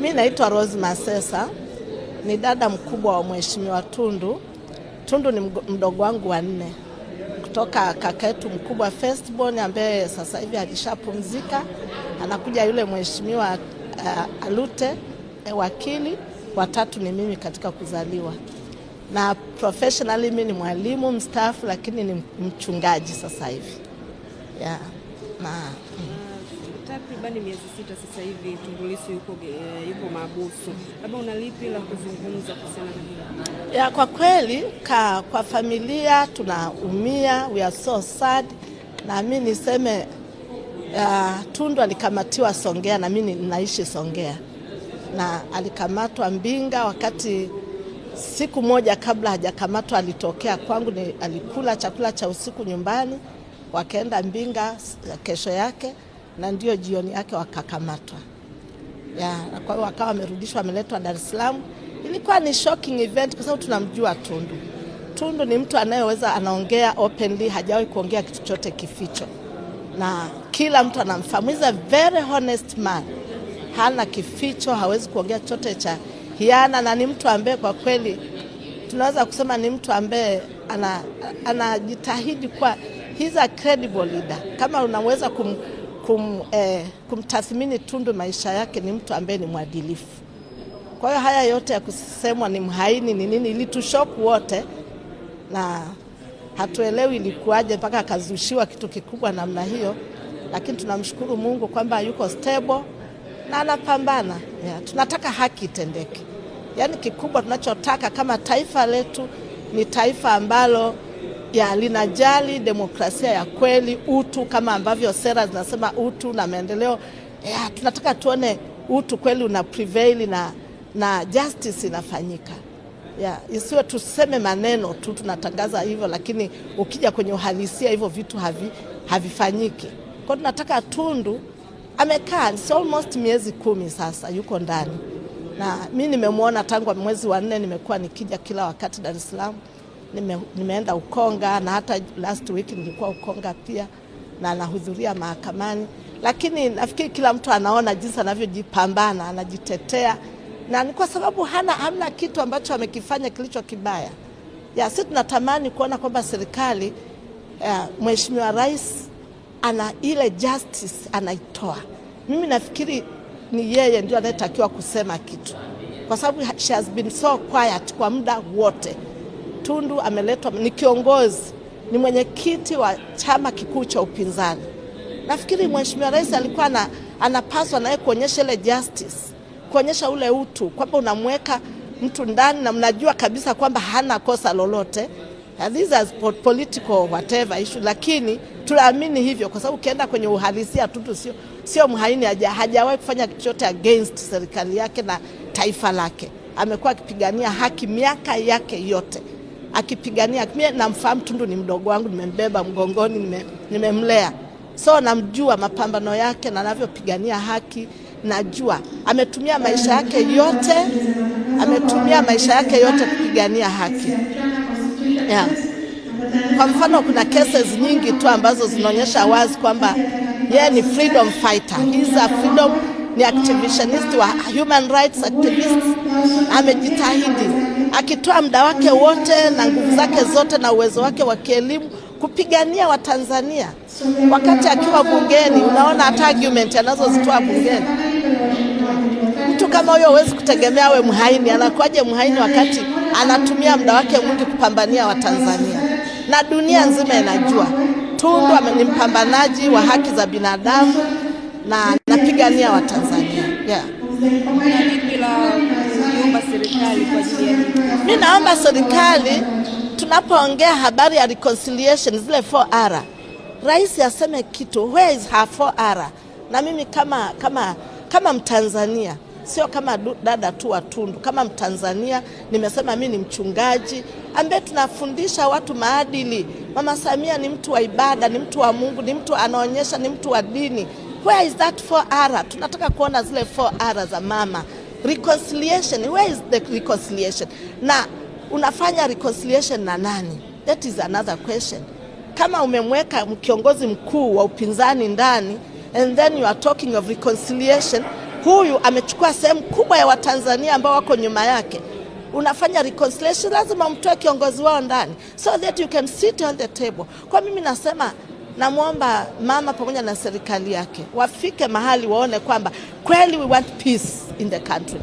Mi naitwa Rose Masesa, ni dada mkubwa wa Mheshimiwa Tundu. Tundu ni mdogo wangu wa nne kutoka kaka yetu mkubwa Firstborn ambaye sasa hivi alishapumzika, anakuja yule mheshimiwa uh, Alute eh, wakili. Watatu ni mimi katika kuzaliwa, na professionally mimi ni mwalimu mstaafu, lakini ni mchungaji sasa hivi yeah. na takribani miezi sita sasa hivi Tundu Lissu yuko, eh, yuko mahabusu, labda una lipi la kuzungumza kuhusiana na hilo? Ya, kwa kweli ka, kwa familia tunaumia, we are so sad. Na mimi niseme uh, Tundu alikamatiwa Songea na mimi ninaishi Songea na alikamatwa Mbinga wakati siku moja kabla hajakamatwa alitokea kwangu ni, alikula chakula cha usiku nyumbani, wakaenda Mbinga kesho yake na ndio jioni yake wakakamatwa. Ya, kwa hiyo wakawa wamerudishwa, wameletwa Dar es Salaam. Ilikuwa ni shocking event kwa sababu tunamjua Tundu. Tundu ni mtu anayeweza anaongea openly, hajawahi kuongea kitu chote kificho, na kila mtu anamfahamu. He's a very honest man, hana kificho, hawezi kuongea chote cha hiana, na ni mtu ambaye kwa kweli tunaweza kusema ni mtu ambaye anajitahidi ana, kwa he's a credible leader kama unaweza kum kum, eh, kumtathmini Tundu maisha yake, ni mtu ambaye ni mwadilifu. Kwa hiyo haya yote ya kusemwa ni mhaini ni nini ilitushoku wote, na hatuelewi ilikuwaje mpaka akazushiwa kitu kikubwa namna hiyo, lakini tunamshukuru Mungu kwamba yuko stable na anapambana yeah. Tunataka haki itendeke, yaani kikubwa tunachotaka kama taifa letu ni taifa ambalo ya linajali demokrasia ya kweli, utu, kama ambavyo sera zinasema utu na maendeleo ya, tunataka tuone utu kweli una prevail na, na justice inafanyika ya, isiwe tuseme maneno tu tunatangaza hivyo, lakini ukija kwenye uhalisia hivyo vitu havi, havifanyiki. Kwa tunataka Tundu amekaa it's almost miezi kumi sasa yuko ndani, na mi nimemwona tangu mwezi wa nne, nimekuwa nikija kila wakati Dar es Salaam nime, nimeenda Ukonga na hata last week nilikuwa Ukonga pia na nahudhuria mahakamani, lakini nafikiri kila mtu anaona jinsi anavyojipambana, anajitetea na ni kwa sababu hana, hamna kitu ambacho amekifanya kilicho kibaya. Ya, si tunatamani kuona kwamba serikali ya, Mheshimiwa Rais ana ile justice anaitoa. Mimi nafikiri ni yeye ndio anayetakiwa kusema kitu, kwa sababu she has been so quiet kwa muda wote. Tundu ameletwa, ni kiongozi, ni mwenyekiti wa chama kikuu cha upinzani. Nafikiri mheshimiwa rais alikuwa na, anapaswa naye kuonyesha ile justice, kuonyesha ule utu kwamba unamweka mtu ndani na mnajua kabisa kwamba hana kosa lolote This is political whatever issue, lakini tunaamini hivyo kwa sababu ukienda kwenye uhalisia Tundu sio, sio mhaini, hajawahi kufanya chochote against serikali yake na taifa lake. Amekuwa akipigania haki miaka yake yote akipigania. Mimi namfahamu Tundu, ni mdogo wangu, nimembeba mgongoni, nime, nimemlea so namjua mapambano yake na anavyopigania haki. Najua ametumia maisha yake yote, ametumia maisha yake yote kupigania haki yeah. Kwa mfano kuna cases nyingi tu ambazo zinaonyesha wazi kwamba yeye ni freedom fighter. He's a freedom ni activisionist wa human rights activist. Amejitahidi akitoa muda wake wote na nguvu zake zote na uwezo wake wa kielimu kupigania Watanzania. Wakati akiwa bungeni, unaona hata argument anazozitoa bungeni, mtu kama huyo huwezi kutegemea awe mhaini. Anakuwaje mhaini wakati anatumia muda wake mwingi kupambania Watanzania na dunia nzima inajua Tundu ni mpambanaji wa haki za binadamu na tunapigania Watanzania yeah. Mi naomba serikali, tunapoongea habari ya reconciliation, zile 4R rais aseme kitu, where is her 4R? Na mimi kama, kama, kama Mtanzania sio kama dada tu wa Tundu, kama Mtanzania nimesema mi ni mchungaji ambaye tunafundisha watu maadili. Mama Samia ni mtu wa ibada, ni mtu wa Mungu, ni mtu anaonyesha, ni mtu wa dini. Where is that 4R? Tunataka kuona zile 4R za mama. Reconciliation, where is the reconciliation? Na unafanya reconciliation na nani? That is another question. Kama umemweka kiongozi mkuu wa upinzani ndani and then you are talking of reconciliation, huyu amechukua sehemu kubwa ya Watanzania ambao wako nyuma yake. Unafanya reconciliation, lazima umtoe kiongozi wao ndani so that you can sit on the table. Kwa mimi nasema namwomba mama pamoja na serikali yake wafike mahali waone kwamba kweli we want peace in the country,